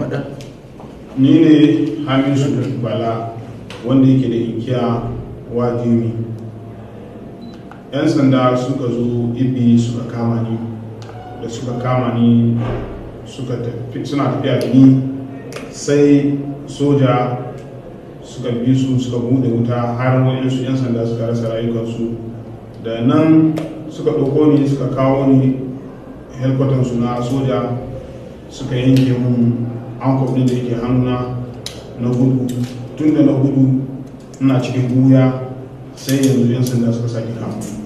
faɗa ni ne hamisu bala wanda yake da inkiya wajimi yan sanda suka zo ibi suka kama ni da suka kama ni suka suna tafiya da ni sai soja suka bi su suka bude wuta har waɗansu 'yan sanda suka rasa rayukansu da nan suka ɗauko ni suka kawo ni helkwatansu na soja suka yanke mun an kofi da yake hannuna na gudu tun da na gudu ina cikin wuya sai yanzu yan sanda suka sake kamun